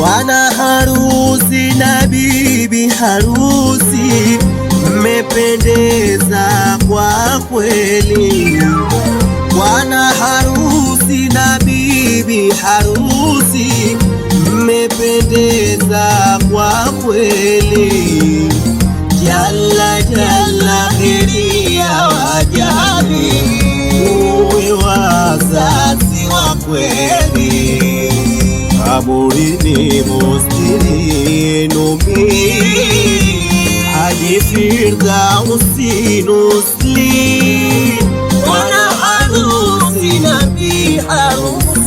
Bwana harusi na bibi harusi mmependeza kwa kweli. Bwana harusi na bibi harusi mmependeza kwa kweli. Jalla jalla heri ya wajabi, uwe wazazi wa kweli murini muskini numi hadi firdausi nusli wana harusi nabii harusi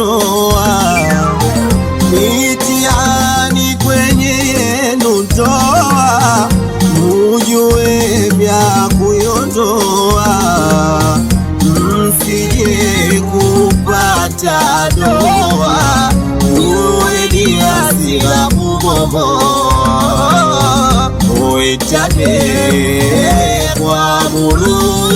ndoa, mitihani kwenye yenu ndoa, mujue vya kuyondoa, msije kupata doa, uweni hasira uitane kwa mulu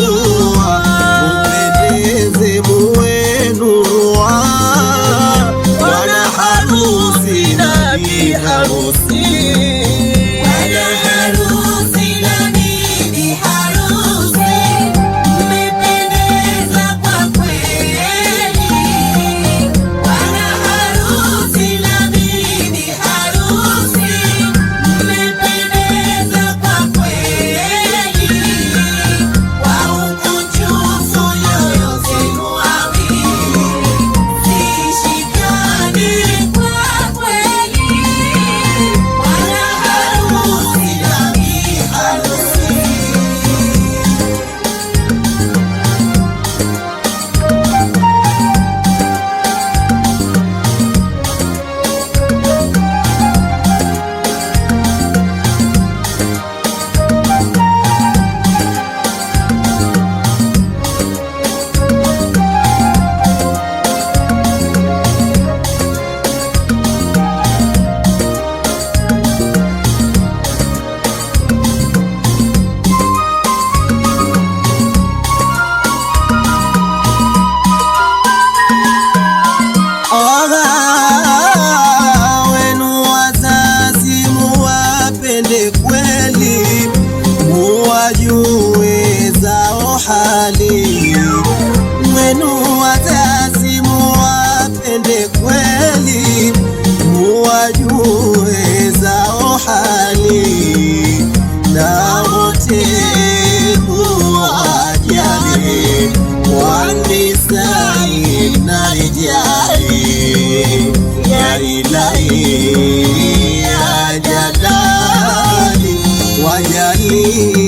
wajue wajuwezao hali mwenu, wazazi muwapende kweli, muwajuwezao hali na wote muwajali, wanisai na ijali ya ilahi ya jalali wajali